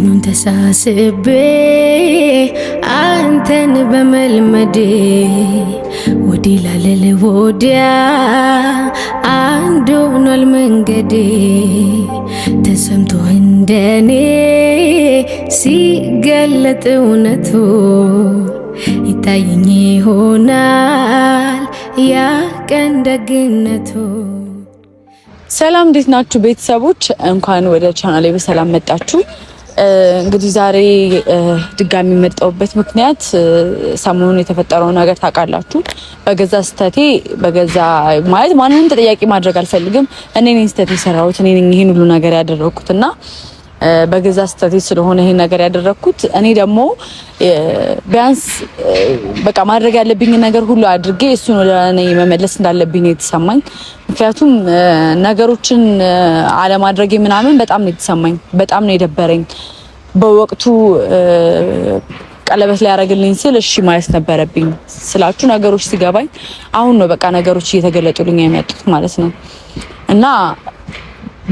አይኑን ተሳስቤ አንተን በመልመዴ ወዲ ላለል ወዲያ አንድ ሆኗል መንገዴ ተሰምቶ እንደኔ ሲገለጥ እውነቱ ይታየኝ ይሆናል ያ ቀን ደግነቱ። ሰላም እንዴት ናችሁ ቤተሰቦች? እንኳን ወደ ቻናሌ በሰላም መጣችሁ። እንግዲህ ዛሬ ድጋሚ የመጣሁበት ምክንያት ሰሞኑን የተፈጠረውን ነገር ታውቃላችሁ። በገዛ ስህተቴ በገዛ ማለት ማንንም ተጠያቂ ማድረግ አልፈልግም። እኔ ነኝ ስህተት የሰራሁት፣ እኔ ነኝ ይህን ሁሉ ነገር ያደረኩትና በገዛ ስህተቴ ስለሆነ ይሄን ነገር ያደረግኩት። እኔ ደግሞ ቢያንስ በቃ ማድረግ ያለብኝ ነገር ሁሉ አድርጌ እሱን ወደ እኔ መመለስ እንዳለብኝ የተሰማኝ። ምክንያቱም ነገሮችን አለማድረጌ ምናምን በጣም ነው የተሰማኝ፣ በጣም ነው የደበረኝ። በወቅቱ ቀለበት ሊያደርግልኝ ስል እሺ ማለት ነበረብኝ ስላችሁ ነገሮች ሲገባኝ አሁን ነው በቃ ነገሮች እየተገለጡልኝ የሚያጡት ማለት ነው እና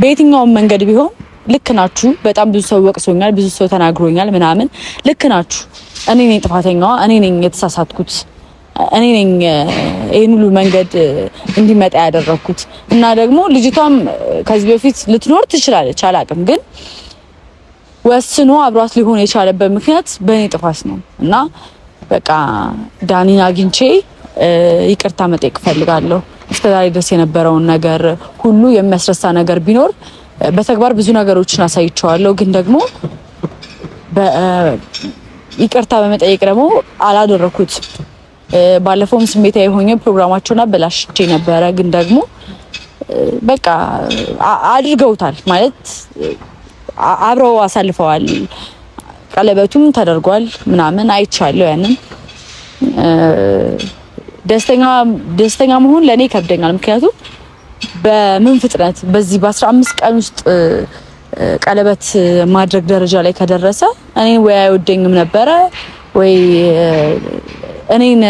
በየትኛውም መንገድ ቢሆን ልክ ናችሁ። በጣም ብዙ ሰው ወቅሶኛል፣ ብዙ ሰው ተናግሮኛል ምናምን። ልክ ናችሁ። እኔ ነኝ ጥፋተኛዋ፣ እኔ ነኝ የተሳሳትኩት፣ እኔ ነኝ ይህን ሁሉ መንገድ እንዲመጣ ያደረግኩት። እና ደግሞ ልጅቷም ከዚህ በፊት ልትኖር ትችላለች፣ አላቅም ግን ወስኖ አብሯት ሊሆን የቻለበት ምክንያት በእኔ ጥፋት ነው እና በቃ ዳኒን አግኝቼ ይቅርታ መጠየቅ እፈልጋለሁ። እስከዛሬ ድረስ የነበረውን ነገር ሁሉ የሚያስረሳ ነገር ቢኖር በተግባር ብዙ ነገሮችን አሳይቸዋለሁ። ግን ደግሞ ይቅርታ በመጠየቅ ደግሞ አላደረኩት። ባለፈውም ስሜት የሆኘ ፕሮግራማቸውን አበላሽቼ ነበረ። ግን ደግሞ በቃ አድርገውታል ማለት አብረው አሳልፈዋል። ቀለበቱም ተደርጓል ምናምን አይቻለሁ። ያንን ደስተኛ ደስተኛ መሆን ለእኔ ይከብደኛል ምክንያቱም በምን ፍጥነት በዚህ በአስራ አምስት ቀን ውስጥ ቀለበት ማድረግ ደረጃ ላይ ከደረሰ እኔ ወይ አይወደኝም ነበረ ወይ እኔን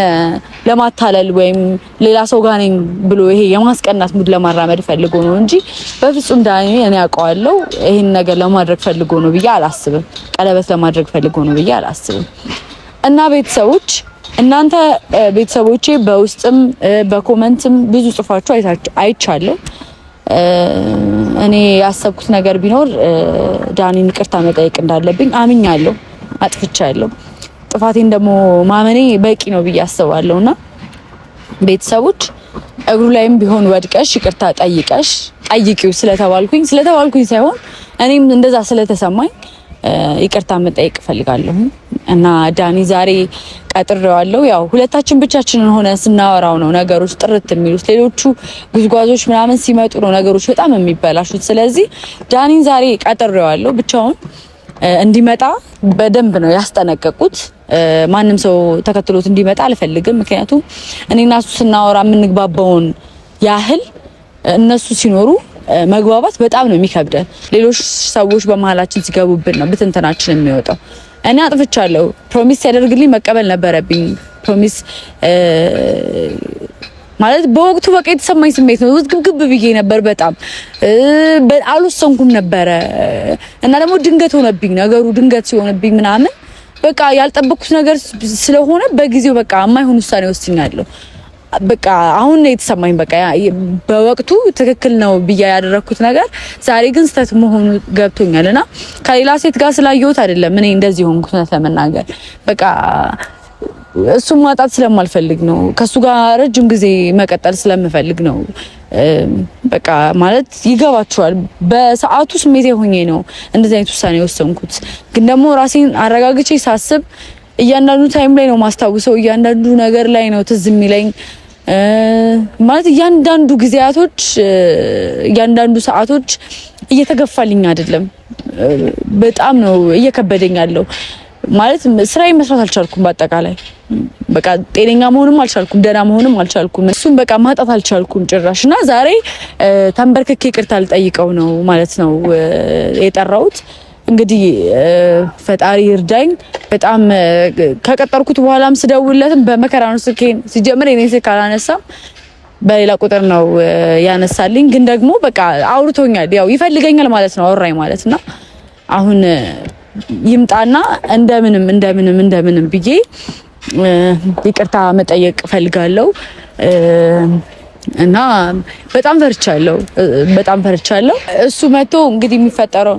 ለማታለል ወይም ሌላ ሰው ጋር ነኝ ብሎ ይሄ የማስቀናት ሙድ ለማራመድ ፈልጎ ነው እንጂ በፍጹም ዳኒ እኔ አውቀዋለሁ ይሄን ነገር ለማድረግ ፈልጎ ነው ብዬ አላስብም። ቀለበት ለማድረግ ፈልጎ ነው ብዬ አላስብም። እና ቤተሰቦች እናንተ ቤተሰቦቼ በውስጥም በኮመንትም ብዙ ጽፋችሁ አይቻለሁ። እኔ ያሰብኩት ነገር ቢኖር ዳኒን ቅርታ መጠየቅ እንዳለብኝ አምኛለሁ። አጥፍቻለሁ። ጥፋቴን ደግሞ ማመኔ በቂ ነው ብዬ አስባለሁና ቤተሰቦች እግሩ ላይም ቢሆን ወድቀሽ ይቅርታ ጠይቀሽ ጠይቂው ስለተባልኩኝ ስለተባልኩኝ ሳይሆን እኔም እንደዛ ስለተሰማኝ ይቅርታ መጠየቅ እፈልጋለሁ እና ዳኒ ዛሬ ቀጥሬዋለሁ። ያው ሁለታችን ብቻችንን ሆነ ስናወራው ነው ነገሮች ጥርት የሚሉት። ሌሎቹ ጉዝጓዞች ምናምን ሲመጡ ነው ነገሮች በጣም የሚበላሹት። ስለዚህ ዳኒን ዛሬ ቀጥሬዋለሁ ብቻውን እንዲመጣ በደንብ ነው ያስጠነቀቁት። ማንም ሰው ተከትሎት እንዲመጣ አልፈልግም። ምክንያቱም እኔና እሱ ስናወራ የምንግባባውን ያህል እነሱ ሲኖሩ መግባባት በጣም ነው የሚከብደን። ሌሎች ሰዎች በመሀላችን ሲገቡብን ነው ብትንተናችን የሚወጣው። እኔ አጥፍቻለሁ። ፕሮሚስ ሲያደርግልኝ መቀበል ነበረብኝ። ፕሮሚስ ማለት በወቅቱ በቃ የተሰማኝ ስሜት ነው። ውዝግብግብ ብዬ ነበር። በጣም አልወሰንኩም ነበረ እና ደግሞ ድንገት ሆነብኝ ነገሩ። ድንገት ሲሆንብኝ ምናምን በቃ ያልጠበቅኩት ነገር ስለሆነ በጊዜው በቃ የማይሆን ውሳኔ ወስኛለሁ። በቃ አሁን ነው የተሰማኝ። በቃ በወቅቱ ትክክል ነው ብዬ ያደረኩት ነገር ዛሬ ግን ስተት መሆኑ ገብቶኛል እና ከሌላ ሴት ጋር ስላየሁት አይደለም እኔ እንደዚህ ሆንኩት ለመናገር በቃ እሱም ማጣት ስለማልፈልግ ነው። ከእሱ ጋር ረጅም ጊዜ መቀጠል ስለምፈልግ ነው። በቃ ማለት ይገባችኋል። በሰዓቱ ስሜት የሆኜ ነው እንደዚህ አይነት ውሳኔ የወሰንኩት። ግን ደግሞ ራሴን አረጋግቼ ሳስብ እያንዳንዱ ታይም ላይ ነው ማስታውሰው፣ እያንዳንዱ ነገር ላይ ነው ትዝ የሚለኝ። ማለት እያንዳንዱ ጊዜያቶች እያንዳንዱ ሰዓቶች እየተገፋልኝ አይደለም፣ በጣም ነው እየከበደኝ ያለው። ማለት ስራዬን መስራት አልቻልኩም። በአጠቃላይ በቃ ጤነኛ መሆንም አልቻልኩም፣ ደህና መሆንም አልቻልኩም። እሱም በቃ ማጣት አልቻልኩም ጭራሽ እና ዛሬ ተንበርክኬ ይቅርታ ልጠይቀው ነው ማለት ነው የጠራሁት። እንግዲህ ፈጣሪ እርዳኝ። በጣም ከቀጠርኩት በኋላም ስደውለትም በመከራ ነው ስልኬን። ሲጀምር የኔ ስልክ አላነሳም በሌላ ቁጥር ነው ያነሳልኝ። ግን ደግሞ በቃ አውርቶኛል፣ ያው ይፈልገኛል ማለት ነው አወራኝ ማለት ነው። አሁን ይምጣና እንደምንም እንደምንም እንደምንም ብዬ ይቅርታ መጠየቅ ፈልጋለሁ እና በጣም ፈርቻለሁ፣ በጣም ፈርቻለሁ። እሱ መጥቶ እንግዲህ የሚፈጠረው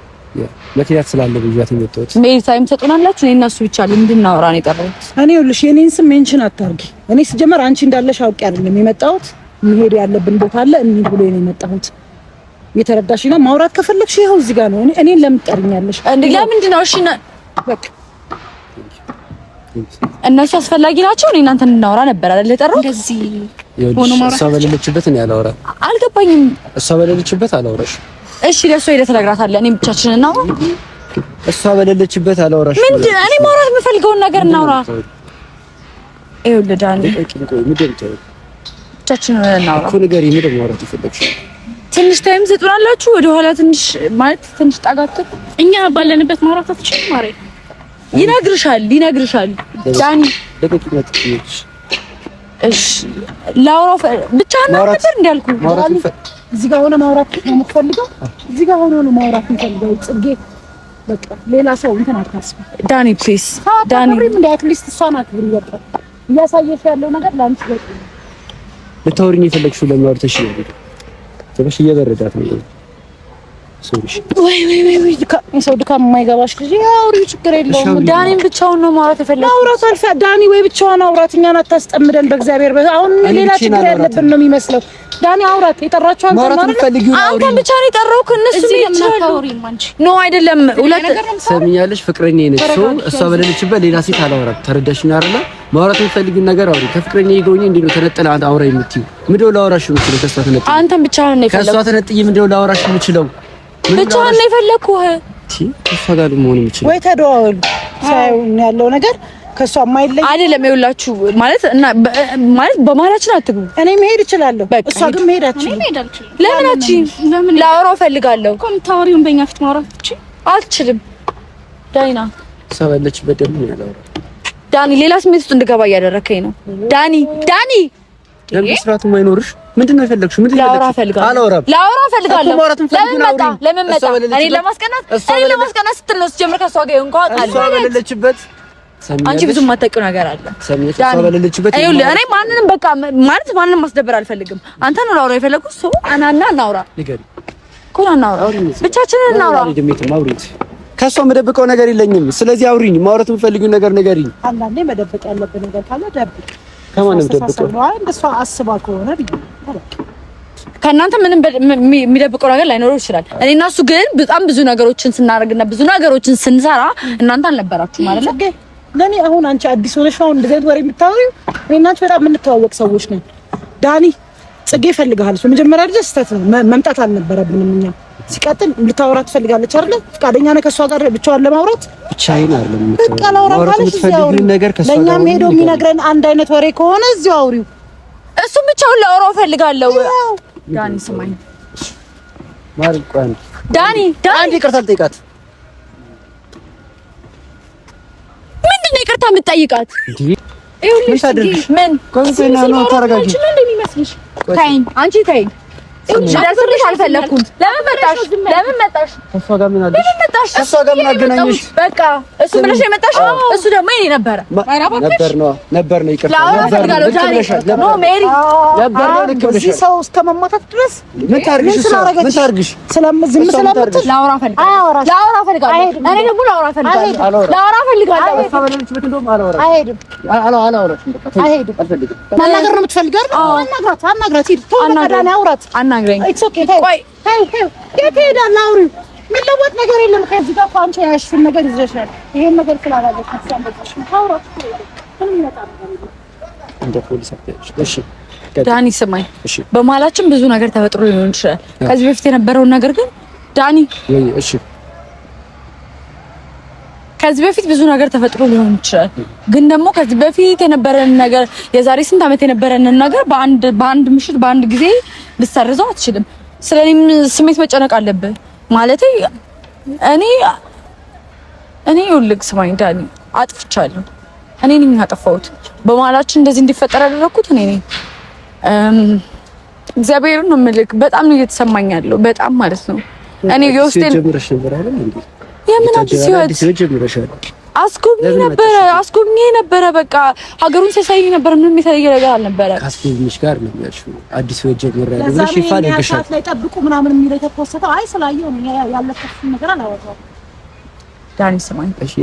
ምክንያት ስላለ ብያት የመጣሁት ሜል ታይም ተጠናላችሁ እኔ እነሱ ብቻ እንድናወራ ነው የጠራሁት። እኔ ይኸውልሽ የኔን ስም ሜንሽን አታርጊ። እኔ ስጀመር አንቺ እንዳለሽ አውቄ አይደለም የመጣሁት። መሄድ ያለብን ቦታ አለ እንሂድ ብሎ ነው የመጣሁት። የተረዳሽ ነው። ማውራት ከፈለግሽ ይኸው እዚህ ጋር ነው። እኔ ለምን ትጠሪኛለሽ? እንዴ ለምንድን ነው? እሺ በቃ እነሱ አስፈላጊ ናቸው። እኔ እናንተ እናወራ ነበር አይደል የጠራሁት። እንደዚህ ሆኖ ማውራት እሷ በሌለችበት እኔ አላወራም። አልገባኝም። እሷ በሌለችበት አላወራሽም እሺ፣ ለእሷ ሄደህ ትነግራታለህ። እኔ ብቻችን እናውራ። እሷ በሌለችበት አላወራሽ። ምንድን እኔ ማውራት የምፈልገውን ነገር እናውራ። ይኸውልህ ዳኒ፣ ብቻችን እናውራ እኮ ንገሪኝ። ምንድን ነው ማውራት የፈለግሽው? ትንሽ ታይም ትሰጡናላችሁ? ወደኋላ ትንሽ ማለት ትንሽ ጣጋት። እኛ ባለንበት ማውራት አትችልም ማሬ። ይነግርሻል፣ ይነግርሻል ዳኒ። እሺ ላውራ ብቻህን ነበር እንዳልኩህ እዚህ ጋር ሆነ ማውራት ነው የምትፈልገው? እዚህ ጋር ሆነ ነው ማውራት የምፈልገው። ጽጌ በቃ ሌላ ሰው እንትን አታስቢ። ዳኒ ፕሊዝ፣ ዳኒ እንደ አትሊስት እሷን አክብሪ። በቃ እያሳየሽ ያለው ነገር ላንቺ በቂ። ልታወሪኝ የፈለግሽው ለምን አውርተሽ ነው? እየበረዳት ነው ሰው ድካም የማይገባሽ ጊዜ አውሪ፣ ችግር የለውም። ዳኒን ብቻውን ነው ማውራት የፈለግኩት። አውራት አልፈ ዳኒ ወይ ብቻዋን አውራት፣ እኛን አታስጠምደን። በእግዚአብሔር አሁን ሌላ ችግር ያለብን ነው የሚመስለው። ዳኒ አውራት፣ የጠራችሁ አንተን ብቻ ነው የጠራሁት። እነሱ ነው አይደለም። ሁለት ሰሚኛለሽ፣ ፍቅረኛ ነሽ። እሷ በሌለችበት ሌላ ሴት አላወራም። ተረዳሽ? አይደለ? ማውራት የምትፈልጊውን ነገር አውሪ። ከፍቅረኛ ይገውኝ እንዴ ነው ተነጠለ አንተ አውራ የምትይው ምንድነው? ላወራሽ የምችለው ከእሷ ተነጥዬ፣ አንተን ብቻ ነው የፈለግኩት። ከእሷ ተነጥዬ ምንድነው ላወራሽ የምችለው ብቻህን ነው የፈለግኩህ። እሷ ጋር መሆን የሚችል ወይ ተደዋወሉ ያለው ነገር ከእሷ አይደለም። ይኸውላችሁ ማለት እና ማለት በመሀላችን አትግቡ። እኔ መሄድ እችላለሁ፣ እሷ ግን መሄድ አትችልም። ለምን አትችይም? ላወራው እፈልጋለሁ። በእኛ ፊት ማውራት አልችልም። እሷ ባለችበት ደግሞ ዳኒ ሌላ ስሜት ውስጥ እንድገባ እያደረከኝ ነው። ዳኒ ዳኒ ምንድን ነው የፈለግሽው? ምንድን ነው ላውራ ፈልጋለሁ። አላወራም። ላውራ ፈልጋለሁ። ለምን መጣ? ለምን መጣ? እኔ ለማስቀናት እኔ ለማስቀናት ስትል ነው ስትጀምር ከእሷ ጋር ይሁን ቋጣ አለ። እሷ በሌለችበት አንቺ ብዙ የማታውቂው ነገር አለ። ሰሚት እኔ ማንንም በቃ ማለት ማንንም ማስደበር አልፈልግም። አንተ ነው ላውራ የፈለግኩት። ሰው አናና እናውራ እኮ እናውራ፣ ብቻችንን እናውራ። ከእሷ መደብቀው ነገር የለኝም። ስለዚህ አውሪኝ፣ ማውራት የምፈልጊውን ነገር ንገሪኝ። አንዳንዴ መደበቅ ያለብህ ነገር ካለ ደብቅ ከማንም ደብቆ እንደሷ አስባ ከሆነ ከእናንተ ምንም የሚደብቀው ነገር ላይኖረው ይችላል። እኔ እና እሱ ግን በጣም ብዙ ነገሮችን ስናደርግና ብዙ ነገሮችን ስንሰራ እናንተ አልነበራችሁም ማለት ነው። ለእኔ አሁን አንቺ አዲስ ሆነሽ አሁን እንደዚህ አይነት ወሬ የምታወሪው። እኔ እና አንቺ በጣም የምንተዋወቅ ሰዎች ነን። ዳኒ ጽጌ ይፈልግሃል። እሱ መጀመሪያ ልጅ ስህተት ነው፣ መምጣት አልነበረብንም እኛ ሲቀጥል እንድታወራ ትፈልጋለች አይደለ? ፈቃደኛ ነህ ከእሷ ጋር ብቻዋን ለማውራት? ብቻዬን አይደለም ነገር ከእሷ ጋር ለእኛም ሄዶ የሚነግረን አንድ አይነት ወሬ ከሆነ እዚሁ አውሪው። እሱም ብቻውን ላወራው እፈልጋለሁ። ዳኒ ስማኝ፣ ዳኒ ዳኒ፣ ይቅርታ ልጠይቃት። ምንድን ነው ይቅርታ የምትጠይቃት? ምን ታደርግሽ? ምን ኮንሰና ነው። ተረጋጊ። ምን እንደሚመስልሽ? ተይኝ አንቺ ተይኝ ደርስልሽ አልፈለኩም። ለምን መጣሽ? ለምን መጣሽ? እሷ ጋር ምን አገናኘሽ? እሷ ጋር ምን አገናኘሽ? በቃ እሱ ብለሽ ነው እሱ ደግሞ የእኔ ነበረ ነበር ነው ነበር ነው ይቅርታ ሜሪ ነበር ነው ልክ ብለሽ ሰው እስከ መማታት ድረስ ምን ታርግሽ? ምን ታርግሽ? ስለምዝም ስለምትል ላውራ ፈልጋለሁ፣ ላውራ ፈልጋለሁ። እኔ ደግሞ ላውራ ፈልጋለሁ፣ ላውራ ፈልጋለሁ። አልሄድም አልሄድም። መናገር ነው የምትፈልገው አናግራት፣ አናግራት፣ ሂድ ቶሎ ቀዳሚ አውራት አና አትናግረኝ። የት እሄዳለሁ? አውሪው። የሚለወጥ ነገር የለም። ከዚህ ጋር አንቺ ያልሽውን ነገር ይዘሻል። ይሄን ነገር ስላላለች ዳኒ ስማኝ፣ በመሀላችን ብዙ ነገር ተፈጥሮ ሊሆን ይችላል። ከዚህ በፊት የነበረውን ነገር ግን ዳኒ፣ እሺ ከዚህ በፊት ብዙ ነገር ተፈጥሮ ሊሆን ይችላል። ግን ደግሞ ከዚህ በፊት የነበረን ነገር የዛሬ ስንት ዓመት የነበረንን ነገር በአንድ በአንድ ምሽት በአንድ ጊዜ ልሰርዘው አትችልም። ስለኔም ስሜት መጨነቅ አለብህ ማለት እኔ እኔ ይኸውልህ ስማኝ ዳኒ፣ አጥፍቻለሁ። እኔ ነኝ ያጠፋሁት። በመሀላችን እንደዚህ እንዲፈጠር ያደረኩት እኔ ነኝ። እግዚአብሔር ነው የምልህ። በጣም ነው እየተሰማኝ ያለው በጣም ማለት ነው። እኔ የውስጤን የምን አዲስ ህይወት አስጎብኝ ነበረ አስጎብኝ ነበረ። በቃ ሀገሩን ሲያሳይ ነበር። ምንም የተለየ ነገር አልነበረ። ካስጎብኝሽ ጋር ነው አዲስ ወጀ ምራ ላይ ጠብቁ ምናምን የሚለው የተፖሰተው አይ ነው ያለፈው ነገር አላወራሁም። ዳኒ ስማኝ፣ እሺ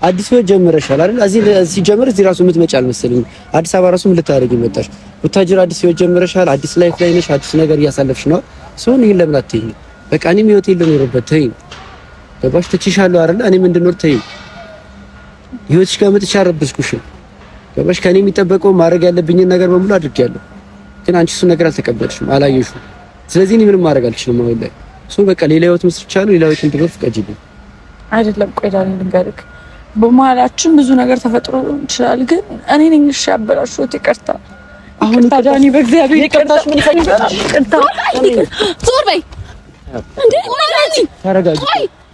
ነው። አዲስ ጀምረሻል አይደል? እዚህ ሲጀምር እዚህ ራሱ የምትመጪ አልመሰለኝም። አዲስ አበባ ራሱ ልታደርጊ መጣሽ? ቡታጅራ አዲስ ወጀ ጀምረሻል። አዲስ ላይፍ ላይ ነሽ። አዲስ ነገር እያሳለፍሽ ነው። ሰውን ይሄን ለምን አትይኝ? በቃ እኔም ህይወቴን ልኖርበት ተይኝ ገባሽ? ትችሻለሁ አይደል? እኔም እንድኖር ተይ ህይወትሽ ጋር መጥቼ አረብስኩሽን ገባሽ? ከእኔ የሚጠበቀው ማድረግ ያለብኝን ነገር በሙሉ አድርጌያለሁ። ግን አንቺ እሱን ነገር አልተቀበልሽም፣ አላየሽም። ስለዚህ እኔ ምንም ማድረግ አልችልም አሁን ላይ እሱ በቃ ሌላ ህይወት መስርቻለሁ። ሌላ ህይወት እንድኖር ፍቀጂልኝ። አይደለም ቆይ ዳን ልንገርክ፣ በመሀላችን ብዙ ነገር ተፈጥሮ ይችላል። ግን እኔ ነኝ እሺ ያበላሽሁት። ይቅርታ አሁን ታዳኒ በእግዚአብሔር ይቅርታ። ምን ይፈልጋል? ይቅርታ ዞር በይ እንዴ! ምን አለኝ? ተረጋጊ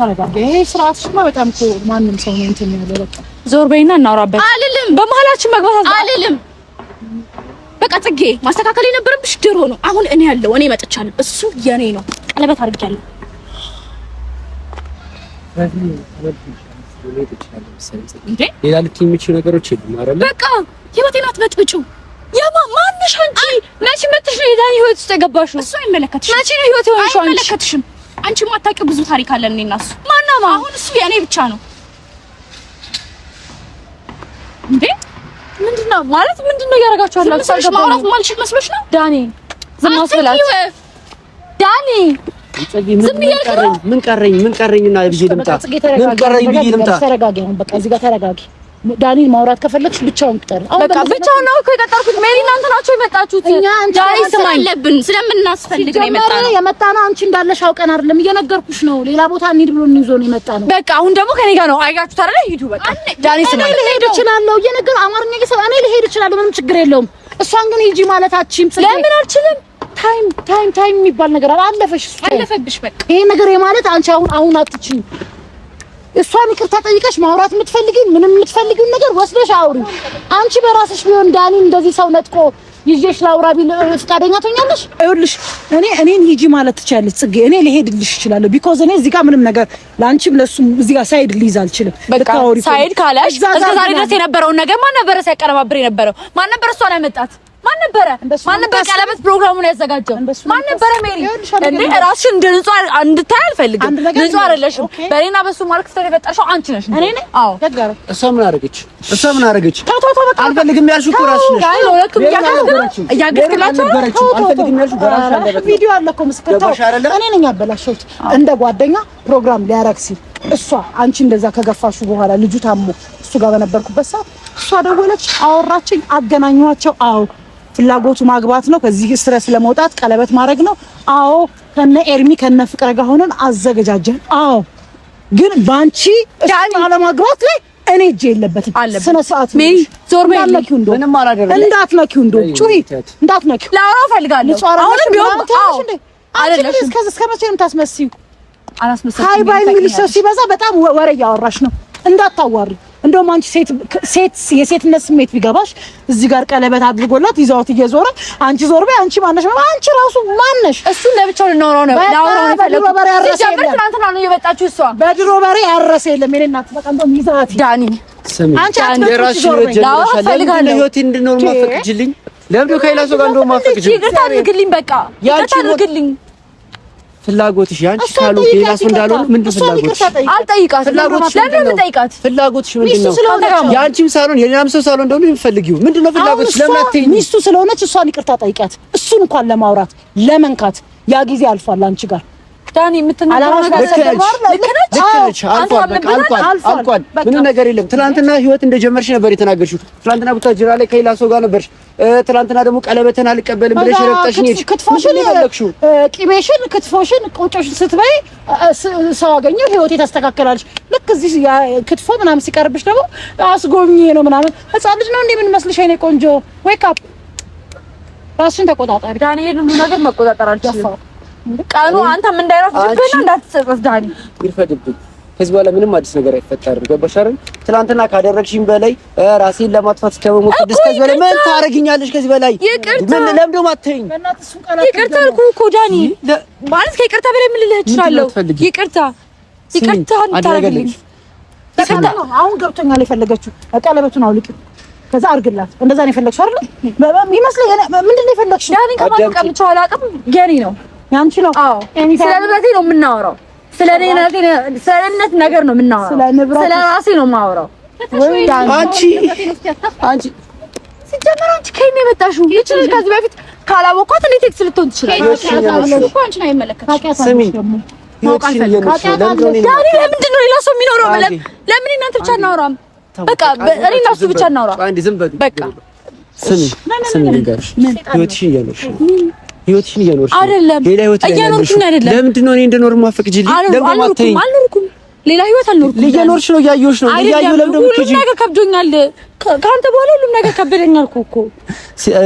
ታረጋጋ። ይሄ ስርዓትሽማ በጣም እኮ ማንም ሰው ነው እንትን ያለው። በቃ ዞር በይና እናውራበት። አልልም፣ በመሀላችን መግባት አልልም። በቃ ጽጌ፣ ማስተካከል የነበረብሽ ድሮ ነው። አሁን እኔ ያለው እኔ መጥቻለሁ፣ እሱ የኔ ነው። ቀለበት አድርጌያለሁ። ሌላ ልክ የሚችሉ ነገሮች የሉም። በቃ ህይወቴን አትበጥብጪው። ያማ ማንሽ አንቺ መቼ መጥሽ ነው የዳኒ ህይወት ውስጥ የገባሽው? እሱ አይመለከትሽም። መቼ ነው ህይወት የሆንሽው? አይመለከትሽም አንቺ ማታውቂው ብዙ ታሪክ አለን እኔና እሱ። ማናማ አሁን እሱ የእኔ ብቻ ነው እንዴ? ምንድነው ማለት ምንድነው እያደረጋችሁ አላችሁ? ማውራት ማልሽ መስሎሽ ነው ዳኒ። ዝም አስብላት ዳኒ ምን ቀረኝ ምን ቀረኝ ምን እና ልጄ ልምጣ ምን ቀረኝ ብዬ ልምጣ። ተረጋጊ፣ በቃ እዚህ ጋር ተረጋጊ ዳኒ ማውራት ከፈለግሽ ብቻውን ቁጠር። አሁን በቃ ብቻውን ነው እኮ የቀጠርኩት። ሜሪ እናንተ ናችሁ የመጣችሁት። እኛ አንቺ ስለምናስፈልግ ስለምናስፈልግ ነው የመጣነው የመጣነው አንቺ እንዳለሽ አውቀን አይደለም፣ እየነገርኩሽ ነው። ሌላ ቦታ እንሂድ ብሎ እንይዞ ነው የመጣነው። በቃ አሁን ደግሞ ከኔ ጋር ነው አያችሁት አይደለ? ሂዱ በቃ ዳኒ ስማ፣ እኔ ልሄድ እችላለሁ። እየነገር አማርኛ እየሰማ እኔ ልሄድ እችላለሁ። ምንም ችግር የለውም። እሷን ግን ሂጂ ማለት አችም ለምን አልችልም። ታይም ታይም ታይም የሚባል ነገር አለፈሽ፣ አለፈብሽ። በቃ ይሄ ነገር የማለት አንቺ አሁን አሁን አትችይም እሷን ይቅርታ ጠይቀሽ ማውራት የምትፈልጊ ምንም የምትፈልጊውን ነገር ወስደሽ አውሪ። አንቺ በራስሽ ቢሆን ዳኒ እንደዚህ ሰው ነጥቆ ይዤሽ ላውራ ቢል ፍቃደኛ ትሆኛለሽ? ይኸውልሽ እኔ እኔን ሂጂ ማለት ትችያለሽ ጽጌ። እኔ ልሄድልሽ እችላለሁ። ቢኮዝ እኔ እዚህ ጋር ምንም ነገር ለአንቺም ለእሱም እዚህ ጋር ሳይድ ልይዝ አልችልም። በቃ ሳይድ ካለሽ እስከ ዛሬ ድረስ የነበረውን ነገር ማን ነበረ ሲያቀነባብር የነበረው? ማን ነበር እሷን ያመጣት? ማን ነበረ? ማን ነበረ ቀለበት ፕሮግራሙን ያዘጋጀው? ማን ነበረ? ሜሪ እንዴ ራስሽን እንደ ንጹህ እንድታይ አልፈልግም። ንጹህ አይደለሽም። በእኔና በሱ ማርክ ፍቅር የፈጠርሽው አንቺ ነሽ። እኔ ነኝ? አዎ። እሷ ምን አደረገች? እሷ ምን አደረገች? አልፈልግም ያልሽው እኮ ራስሽ ነሽ። አይ ሁለቱም አልፈልግም ያልሽው ነሽ። ቪዲዮ አለ እኮ ምስክር። እኔ ነኝ ያበላሸሁት። እንደ ጓደኛ ፕሮግራም ሊያረግ ሲል እሷ አንቺ እንደዛ በኋላ ልጁ ታሞ እሱ ጋር በነበርኩበት ሰዓት እሷ ደወለች፣ አወራችኝ፣ አገናኘኋቸው። አዎ ፍላጎቱ ማግባት ነው። ከዚህ ስትረስ ለመውጣት ቀለበት ማድረግ ነው። አዎ ከነ ኤርሚ ከነ ፍቅረ ጋር ሆነን አዘገጃጀን። አዎ ግን ባንቺ አለማግባት ላይ እኔ እጄ የለበትም። ስነ ስርዓት ሜሪ ዞር በይ። እንዳትነኪው እንደው እንዳትነኪው እንደው ጩሂ እንዳትነኪው። ላወራው እፈልጋለሁ። አሁንም ቢሆን አዎ አይደለም። እስከ መቼ ነው የምታስመስዪው? አላስመሰልኩም። ሀይ ባይ የሚልሽ ሰው ሲበዛ በጣም ወሬ እያወራሽ ነው። እንዳታዋሪ እንደውም አንቺ ሴት የሴትነት ስሜት ቢገባሽ እዚህ ጋር ቀለበት አድርጎላት ይዛውት እየዞረ አንቺ ዞር በይ አንቺ ማነሽ አንቺ ራሱ ማነሽ? እሱ ለብቻው ልናወራው ነው። ነው በሬ ያረሰ የለም። ትናንትና ነው የመጣችሁ። እሷ በድሮ በሬ ያረሰ የለም። የኔ እናት በቃ እንደውም ይዛት ዳኒ አንቺ አትበጥሽ ዞር በይ ላወራ ፈልጋለሁ። ህይወቴ እንድኖር ማፈቅጅልኝ ለምዶ ከሌላ ሰው ጋር እንደው ማፈቅጅልኝ ይቅርታ አድርግልኝ። በቃ ይቅርታ አድርግልኝ ፍላጎትሽ ያንቺ ካሉ ሌላ ሰው እንዳልሆነ ምንድን ፍላጎትሽ? አልጠይቃት። ፍላጎትሽ ለምን ምጠይቃት? ፍላጎትሽ ምንድን ነው? ያንቺም ሳሎን የሌላም ሰው ሳሎን እንደሆነ የምፈልጊው ምንድን ነው ፍላጎትሽ? ለምን አትይኝ? ሚስቱ ስለሆነች እሷን ይቅርታ ጠይቂያት። እሱን እንኳን ለማውራት ለመንካት ያ ጊዜ አልፏል አንቺ ጋር ዳኒ የምትናገረው ምንም ነገር የለም። ትናንትና ህይወት እንደጀመርሽ ነበር የተናገርሽው። ትናንትና ቡታጅራ ላይ ከሌላ ሰው ጋር ነበርሽ። ትናንትና ደግሞ ቀለበትን አልቀበልም ብለሽ ክትፎሽን፣ ቂቤሽን፣ ክትፎሽን፣ ስትበይ ሰው አገኘው ህይወት ተስተካከላለች። ልክ እዚህ ክትፎ ምናምን ሲቀርብሽ ደግሞ ነው ምናምን። ህፃን ልጅ ነው እንዴ ምን መስልሽ? የእኔ ቆንጆ ዌክ አፕ፣ ራስሽን ተቆጣጠሪ። ዳንኤል ሁሉ ነገር መቆጣጠር አልችልም። ቀኑ አንተም እንዳይረፍድብህ እንዳትጸጸት ዳኒ። ይርፈድብኝ። ከዚህ በኋላ ምንም አዲስ ነገር አይፈጠርም። ገባሽ አይደል? ትናንትና ካደረግሽኝ በላይ ራሴን ለማጥፋት እስከመሞት ድረስ ከዚህ በላይ ምን ታደርጊኛለሽ? ከዚህ በላይ ምን ለምደው ማተኝ ይቅርታ አልኩህ እኮ ዳኒ። ማለት ከይቅርታ በላይ ምን ልልህ እችላለሁ? ይቅርታ ይቅርታ እንታረግልኝ። አሁን ገብቶኛል። የፈለገችው ቀለበቱን አውልቅ ከዛ አድርግላት። እንደዛ ነው የፈለግሽው አይደል? ይመስለኝ ምንድን ነው የፈለግሽው ዳኒ? ከማን ቀምቼው አላውቅም። የኔ ነው ያንቺ ነው። አዎ ስለ ንብረቴ ነው የምናወራው። ስለ ንብረት ነገር ነው የምናወራው። ስለ ራሴ ነው የማወራው። አንቺ አንቺ ሲጀመር አንቺ ከየት ነው የመጣሽው? ይችላል ከዚህ በፊት ካላወኳት እንዴት ኤክስ ልትሆን ትችላለች? አንቺን ለምንድን ነው ሌላ ሰው የሚኖረው? ለምን እናንተ ብቻ እናወራም? በቃ እኔ እና እሱ ብቻ እናወራ። በቃ ስሚ ስሚ፣ ልንገርሽ ህይወትሽን እያለሽ ህይወትሽን እየኖርሽ አይደለም። ሌላ ህይወት እየኖርሽ አይደለም። ለምንድን ነው እኔ እንደኖር ማፈቅጂልኝ? ለምን አትይኝ? አልኖርኩም፣ ሌላ ህይወት አልኖርኩም። እየኖርሽ ነው፣ እያየሁሽ ነው። እያየሁ ለምን ነው ሁሉም ነገር ከብዶኛል። ከአንተ በኋላ ሁሉም ነገር ከበደኝ አልኩህ እኮ።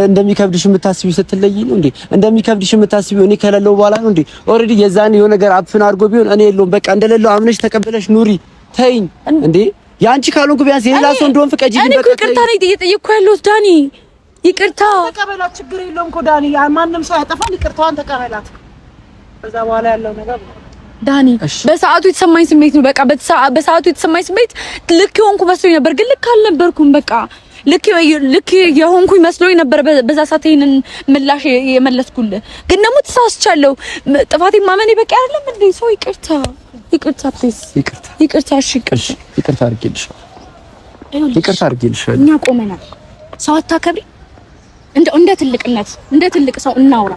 እንደሚከብድሽ የምታስቢው ስትለይ ነው እንዴ? እንደሚከብድሽ የምታስቢው እኔ ከሌለው በኋላ ነው እንዴ? ኦልሬዲ የዛን የሆነ ነገር አፍን አድርጎ ቢሆን እኔ የለውም በቃ እንደሌለው አምነሽ ተቀበለሽ ኑሪ። ተይኝ እንዴ! ያንቺ ካልሆንኩ ቢያንስ የሌላ ሰው እንደሆን ፍቀጂልኝ። በቃ እኔ እኮ ይቅርታ ነው እየጠየቅኩ ያለሁት ዳኒ ይቅርታ ተቀበላት። ችግር የለውም እኮ ዳኒ፣ ማንም ሰው ያጠፋል። ይቅርታዋን ተቀበላት። ከዛ በኋላ ያለው ነገር ዳኒ፣ በሰዓቱ የተሰማኝ ስሜት ነው። በቃ በሰዓቱ የተሰማኝ ስሜት ልክ የሆንኩ መስሎኝ ነበር፣ ግን ልክ አልነበርኩም። በቃ ልክ ልክ የሆንኩኝ መስሎኝ ነበር። በዛ ሰዓት ይሄንን ምላሽ የመለስኩልህ፣ ግን ደግሞ ተሳስቻለሁ። ጥፋቴ ማመን በቃ አይደለም እንዴ? ሰው ይቅርታ፣ ይቅርታ፣ ፕሊዝ፣ ይቅርታ፣ ይቅርታ፣ እሺ፣ ይቅርታ፣ ይቅርታ አድርጌልሻለሁ። ይቅርታ ፕሊስ ይቅርታ ይቅርታ እሺ ይቅርታ ይቅርታ አድርጌልሻለሁ ይቅርታ አድርጌልሻለሁ እኛ ቆመናል። ሰው አታከብሪ እንደው እንደ ትልቅነት እንደ ትልቅ ሰው እናውራ።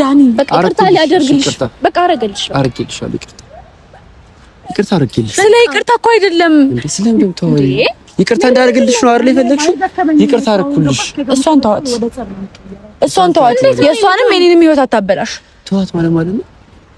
ዳኒ በቃ ይቅርታ ሊያደርግልሽ በቃ አረገልሽ አረገልሻለሁ። ይቅርታ ይቅርታ አረገልሽ። ስለ ይቅርታ እኮ አይደለም እንዴ? ስለ ስለምንም ተወይ ይቅርታ እንዳደርግልሽ ነው አይደል የፈለግሽው? ይቅርታ አረግኩልሽ። እሷን ተዋት፣ እሷን ተዋት። የእሷንም የኔንም ህይወት አታበላሽ። ተዋት ማለት ማለት ነው።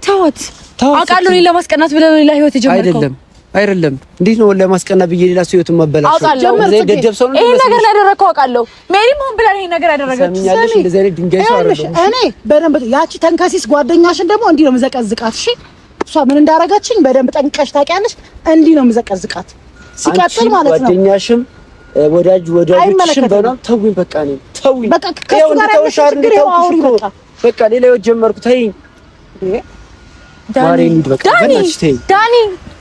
ተዋት፣ ተዋት። አውቃለሁ እኔን ለማስቀናት ብለህ ነው ሌላ ህይወት የጀመርከው አይደለም አይደለም እንዴት ነው ለማስቀና ብዬ ሌላ ሰው ህይወት መበላሽ ደደብ ሰው ነው። ይሄን ነገር ያደረከው አውቃለሁ። ሜሪ ሆን ብላ ይሄን ነገር ያደረገችው ሰሚ እንደዚህ አይነት ድንጋይ ሰው አይደለም። እኔ በደንብ ያቺ ተንከሲስ ጓደኛሽን ደግሞ እንዲህ ነው የምዘቀዝቃት። እሺ እሷ ምን እንዳረጋችኝ በደንብ ጠንቀሽ ታውቂያለሽ። እንዲህ ነው የምዘቀዝቃት። ሲቀጥል ማለት ነው ጓደኛሽም ወዳጅ ወዳጆችሽም በእናትህ ተውኝ፣ በቃ ነው ተውኝ፣ በቃ ከሱ ጋር ያለሽ ችግር አውሪ፣ በቃ በቃ ሌላ ህይወት ጀመርኩ። ተይኝ ዳኒ ዳኒ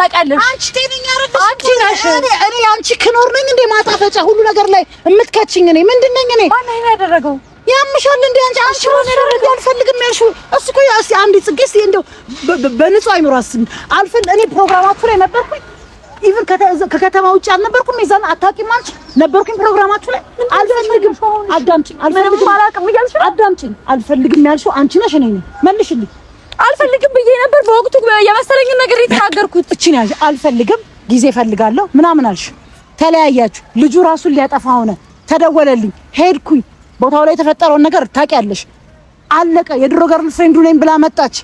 ታውቂያለሽ። አንቺ ጤነኛ አይደለሽ። አንቺ ነሽ እኔ አንቺ ክኖር ነኝ እንደ ማጣፈጫ ሁሉ ነገር ላይ የምትከችኝ እኔ ምንድን ነኝ እኔ? ማን ነው ያደረገው? ያምሻል እንደ አንቺ አንቺ ሆነ ደረጃ አልፈልግም ያልሽው እሱ እኮ ያስ አንድ ጽጌ እስኪ እንደው በንጹህ አይምሮ አስብ አልፈል እኔ ፕሮግራማችሁ ላይ ነበርኩኝ። ኢቭን ከከተማ ውጭ አልነበርኩም። የዛን አታውቂም አንቺ ነበርኩኝ ፕሮግራማችሁ ላይ። አልፈልግም አዳምጪኝ፣ አልፈልግም አላውቅም እያልሽ አዳምጪኝ፣ አልፈልግም ያልሽው አንቺ ነሽ። እኔ ነኝ መልሽልኝ አልፈልግም ብዬ ነበር። በወቅቱ የመሰለኝን ነገር የተናገርኩት። እችን ያዥ አልፈልግም ጊዜ እፈልጋለሁ ምናምን አልሽ፣ ተለያያችሁ። ልጁ ራሱን ሊያጠፋ ሆነ። ተደወለልኝ፣ ሄድኩኝ። ቦታው ላይ የተፈጠረውን ነገር ታውቂያለሽ። አለቀ። የድሮ ገርል ፍሬንዱ ነኝ ብላ መጣች፣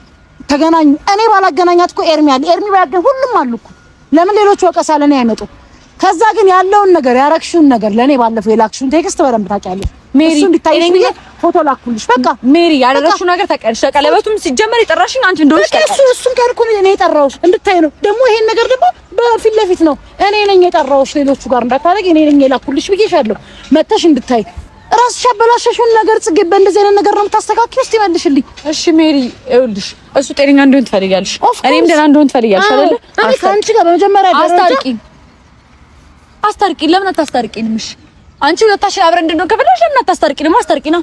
ተገናኙ። እኔ ባላገናኛት እኮ ኤርሚ አለ፣ ኤርሚ ባያገኝ ሁሉም አሉ እኮ። ለምን ሌሎች ወቀሳ ለእኔ አይመጡ? ከዛ ግን ያለውን ነገር ያረግሽውን ነገር ለእኔ ባለፈው የላክሽውን ቴክስት በደንብ ታውቂያለሽ። ሜሪ ፎቶ ላኩልሽ። በቃ ሜሪ ያደረግሽው ነገር ተቀርሽ። ቀለበቱም ሲጀመር የጠራሽኝ አንቺ እንደሆነሽ ተቀርሽ። እሱ እሱን ካልኩ እኔ የጠራሁሽ እንድታይ ነው። ደግሞ ይሄን ነገር ደግሞ በፊት ለፊት ነው እኔ ነኝ የጠራሁሽ፣ ሌሎቹ ጋር እንዳታደርግ እኔ ነኝ የላኩልሽ ብዬሻለሁ። መተሽ እንድታይ ራስሽ አበላሸሽውን ነገር ጽጌ፣ በእንደዚህ አይነት ነገር ነው መልሽልኝ። እሺ ሜሪ፣ ይኸውልሽ እሱ ጤነኛ ትፈልጊያለሽ፣ እኔም ደህና ትፈልጊያለሽ አይደለ? ከአንቺ ጋር በመጀመሪያ ለምን እሺ አንቺ ሁለታችን አብረን እንድንሆን ከፈለግሽ ለምን ነው አስታርቂና ነው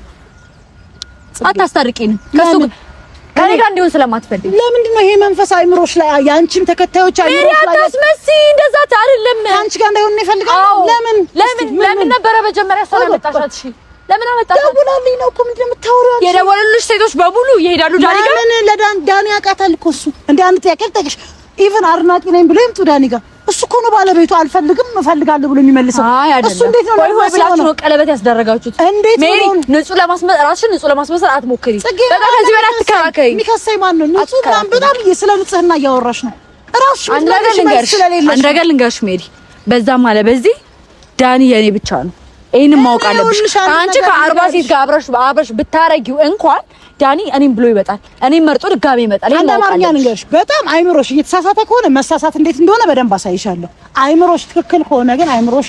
ከሱ ከኔ ጋር እንዲሆን ስለማትፈልግ ለምንድን ነው ይሄ መንፈስ አይምሮሽ ላይ የአንቺም ተከታዮች አይምሮሽ ላይ አታስመሲ። እንደዛ አይደለም አንቺ ጋር እንዳይሆን ነው ለምን ለምን ለምን ነበረ መጀመሪያ ሰላም መጣሻት? እሺ ለምን አመጣሽ? ደውላልኝ ነው እኮ ምንድን ነው የምታወሪው? የደወሉልሽ ሴቶች በሙሉ ይሄዳሉ ዳኒ ጋር። ለምን ለዳኒ ያውቃታል እኮ እሱ። እንደ አንድ ጥያቄ ልጠይቅሽ፣ ኢቭን አድናቂ ነኝ ብሎ ይምጡ ዳኒ ጋር እሱ እኮ ነው ባለቤቱ። አልፈልግም እፈልጋለሁ ብሎ የሚመልሰው እሱ እንዴት ነው? ወይ ብላችሁ ነው ቀለበት ያስደረጋችሁት? እንዴት ነው ንጹህ ለማስመሰል ራስሽን ንጹህ ለማስመሰል አትሞክሪ። በቃ ከዚህ በላይ አትከራከሪ። የሚከሰኝ ማን ነው? ንጹህ በጣም ስለ ንጽህና እያወራሽ ነው። ራስሽ አንድ ነገር ልንገርሽ፣ አንድ ነገር ልንገርሽ ሜሪ፣ በዛም አለ በዚህ ዳኒ የኔ ብቻ ነው። ይሄንን ማወቅ አለብሽ አንቺ ከአርባ ሴት ጋር አብረሽ አብረሽ ብታረጊው እንኳን ዳኒ እኔም ብሎ ይመጣል፣ እኔም መርጦ ድጋሜ ይመጣል። አንድ አማርኛ ንገርሽ፣ በጣም አይምሮሽ እየተሳሳተ ከሆነ መሳሳት እንዴት እንደሆነ በደንብ አሳይሻለሁ። አይምሮሽ ትክክል ከሆነ ግን አይምሮሽ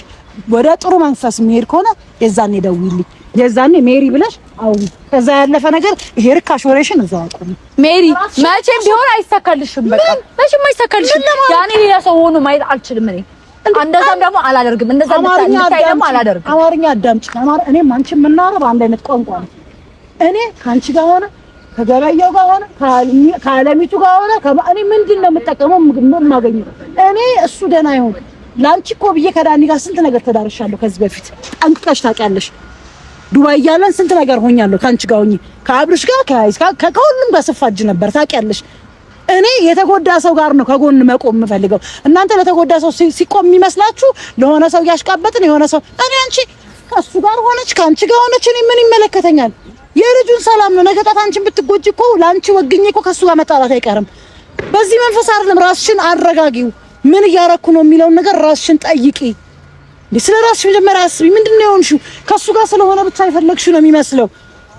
ወደ ጥሩ መንፈስ የሚሄድ ከሆነ የዛኔ ደውይልኝ፣ የዛኔ ሜሪ ብለሽ አው ከዛ ያለፈ ነገር ይሄ ርካሽ ወሬሽን እዛው አቁሚ። ሜሪ መቼም ቢሆን አይሳካልሽም፣ በቃ መቼም አይሳካልሽም። ዳኒ ሌላ ሰው ሆኖ ማየት አልችልም እኔ እንደዛም ደግሞ አላደርግም። እንደዛ ደግሞ አላደርግም። አማርኛ አዳምጪ። እኔም አንቺ የምናወራው በአንድ አይነት ቋንቋ ነው እኔ ከአንቺ ጋር ሆነ ከገበያው ጋር ሆነ ከአለሚቱ ጋር ሆነ እኔ ምንድን ነው የምጠቀመው የማገኘው? እኔ እሱ ደህና ይሆን ለአንቺ እኮ ብዬ ከዳኒ ጋር ስንት ነገር ተዳርሻለሁ ከዚህ በፊት ጠንቅቀሽ ታውቂያለሽ። ዱባይ እያለን ስንት ነገር ሆኛለሁ ከአንቺ ጋር ሆኜ ከአብርሽ ጋር ከሁሉም ጋር ስፋጅ ነበር ታውቂያለሽ። እኔ የተጎዳ ሰው ጋር ነው ከጎን መቆም የምፈልገው። እናንተ ለተጎዳ ሰው ሲቆም የሚመስላችሁ ለሆነ ሰው እያሽቃበጥን የሆነ ሰው እኔ አንቺ ከእሱ ጋር ሆነች ከአንቺ ጋር ሆነች እኔ ምን ይመለከተኛል? የልጁን ሰላም ነው። ነገ ጣት አንቺን ብትጎጂ እኮ ለአንቺ ወግኜ እኮ ከሱ ጋር መጣላት አይቀርም። በዚህ መንፈስ አይደለም። ራስሽን አረጋጊው። ምን እያረኩ ነው የሚለውን ነገር ራስሽን ጠይቂ። ስለ ራስሽ መጀመሪያ አስቢ። ምንድን ነው የሆንሽው? ከሱ ጋር ስለሆነ ብቻ የፈለግሽው ነው የሚመስለው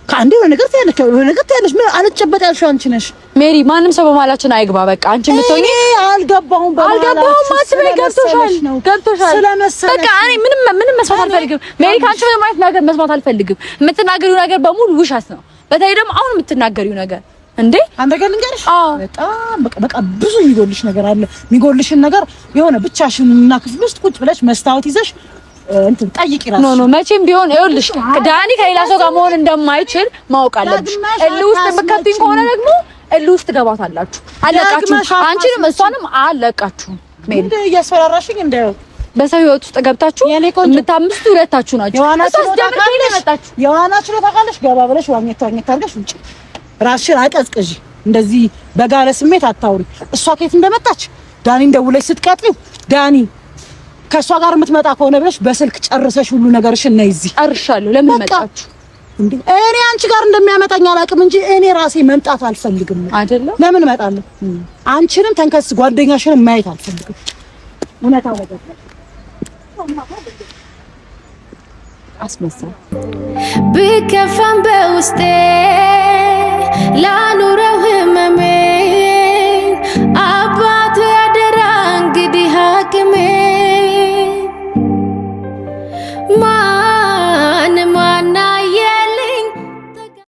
ከአንዴ የሆነ ነገር ታያለሽ፣ የሆነ ነገር ታያለሽ። ምን አልጨበጥ ያልሽው አንቺ ነሽ ሜሪ። ማንም ሰው በማላችን አይግባ። በቃ አንቺ የምትሆኚ አልገባሁም፣ አልገባሁም። ማስበ ገብቶሻል፣ ገብቶሻል። በቃ እኔ ምንም ምንም መስማት አልፈልግም ሜሪ። ከአንቺ ምንም አይነት ነገር መስማት አልፈልግም። የምትናገሪው ነገር በሙሉ ውሸት ነው። በተለይ ደግሞ አሁን የምትናገሪው ነገር እንዴ አንተ ጋር ልንገርሽ፣ በጣም በቃ በቃ ብዙ የሚጎልሽ ነገር አለ። የሚጎልሽን ነገር የሆነ ብቻሽን እና ክፍል ውስጥ ቁጭ ብለሽ መስታወት ይዘሽ እንትን ጠይቂ ራስሽ። ኖ ኖ መቼም ቢሆን ይኸውልሽ፣ ዳኒ ከሌላ ሰው ጋር መሆን እንደማይችል ማወቅ አለብሽ። እልህ ውስጥ የምትከብኝ ከሆነ ደግሞ እልህ ውስጥ ገባታላችሁ። አለቃችሁ፣ አንቺንም እሷንም አለቃችሁ። እንደ እያስፈራራሽኝ እንደ በሰው ህይወት ውስጥ ገብታችሁ የምታምስቱ ሁለታችሁ ናችሁ። የዋና ችሎታ ካለሽ ገባ ብለሽ ዋኘት ዋኘት አድርገሽ ውጪ። ራስሽን አቀዝቅዢ። እንደዚህ በጋለ ስሜት አታውሪ። እሷ ከየት እንደመጣች ዳኒ እንደውለሽ ስትቀጥሪው ዳኒ ከእሷ ጋር የምትመጣ ከሆነ ብለሽ በስልክ ጨርሰሽ ሁሉ ነገርሽን ነይ እዚህ ጨርሻለሁ። ለምን መጣችሁ? እኔ አንቺ ጋር እንደሚያመጣኝ አላውቅም እንጂ እኔ ራሴ መምጣት አልፈልግም። አይደለም ለምን እመጣለሁ? አንቺንም ተንከስ ጓደኛሽንም ማየት አልፈልግም። እውነታው ነገር አስመሰል ብከፋም በውስጤ ላኑረው ህመሜ አባ